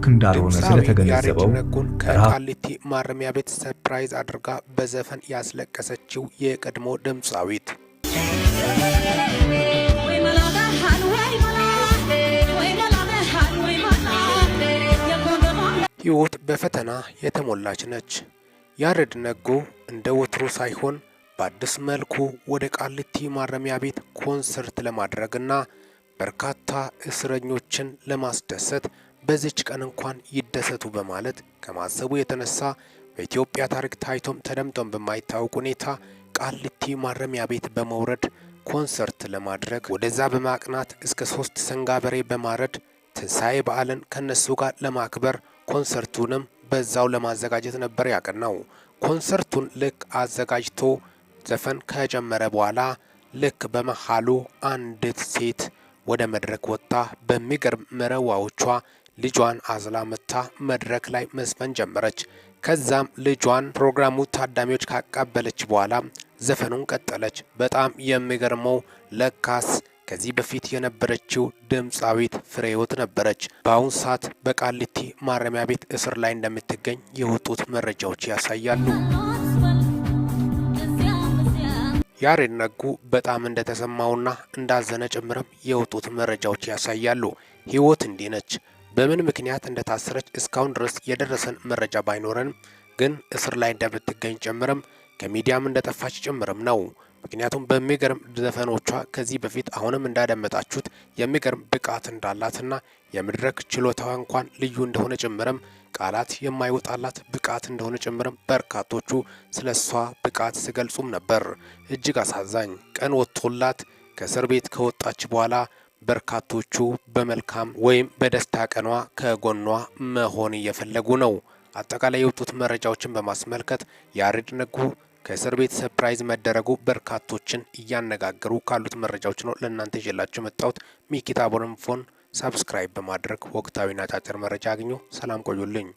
ልክ እንዳልሆነ ስለተገነዘበው ከቃሊቲ ማረሚያ ቤት ሰርፕራይዝ አድርጋ በዘፈን ያስለቀሰችው የቀድሞ ድምፃዊት ህይወት በፈተና የተሞላች ነች። ያሬድ ነጉ እንደ ወትሮ ሳይሆን በአዲስ መልኩ ወደ ቃሊቲ ማረሚያ ቤት ኮንሰርት ለማድረግና በርካታ እስረኞችን ለማስደሰት በዚች ቀን እንኳን ይደሰቱ በማለት ከማሰቡ የተነሳ በኢትዮጵያ ታሪክ ታይቶም ተደምጦም በማይታወቅ ሁኔታ ቃሊቲ ማረሚያ ቤት በመውረድ ኮንሰርት ለማድረግ ወደዛ በማቅናት እስከ ሶስት ሰንጋበሬ በማረድ ትንሣኤ በዓልን ከነሱ ጋር ለማክበር ኮንሰርቱንም በዛው ለማዘጋጀት ነበር ያቀናው። ኮንሰርቱን ልክ አዘጋጅቶ ዘፈን ከጀመረ በኋላ ልክ በመሃሉ አንዲት ሴት ወደ መድረክ ወጥታ በሚገርም መረዋዎቿ ልጇን አዝላ መታ መድረክ ላይ መዝፈን ጀመረች። ከዛም ልጇን ፕሮግራሙ ታዳሚዎች ካቀበለች በኋላ ዘፈኑን ቀጠለች። በጣም የሚገርመው ለካስ ከዚህ በፊት የነበረችው ድምፃዊት ፍሬህይወት ነበረች። በአሁን ሰዓት በቃሊቲ ማረሚያ ቤት እስር ላይ እንደምትገኝ የወጡት መረጃዎች ያሳያሉ። ያሬድ ነጉ በጣም እንደተሰማውና እንዳዘነ ጭምርም የወጡት መረጃዎች ያሳያሉ። ህይወት እንዲህ ነች። በምን ምክንያት እንደታሰረች እስካሁን ድረስ የደረሰን መረጃ ባይኖረንም ግን እስር ላይ እንደምትገኝ ጭምርም ከሚዲያም እንደጠፋች ጭምርም ነው። ምክንያቱም በሚገርም ዘፈኖቿ ከዚህ በፊት አሁንም እንዳደመጣችሁት የሚገርም ብቃት እንዳላትና የመድረክ ችሎታዋ እንኳን ልዩ እንደሆነ ጭምርም ቃላት የማይወጣላት ብቃት እንደሆነ ጭምርም በርካቶቹ ስለ እሷ ብቃት ሲገልጹም ነበር። እጅግ አሳዛኝ ቀን ወጥቶላት ከእስር ቤት ከወጣች በኋላ በርካቶቹ በመልካም ወይም በደስታ ቀኗ ከጎኗ መሆን እየፈለጉ ነው። አጠቃላይ የወጡት መረጃዎችን በማስመልከት ያሬድ ነጉ ከእስር ቤት ሰርፕራይዝ መደረጉ በርካቶችን እያነጋገሩ ካሉት መረጃዎች ነው ለእናንተ ይዤላችሁ መጣሁት። ሚኪታ ቦረንፎን ሳብስክራይብ በማድረግ ወቅታዊና አጫጭር መረጃ አግኙ። ሰላም ቆዩልኝ።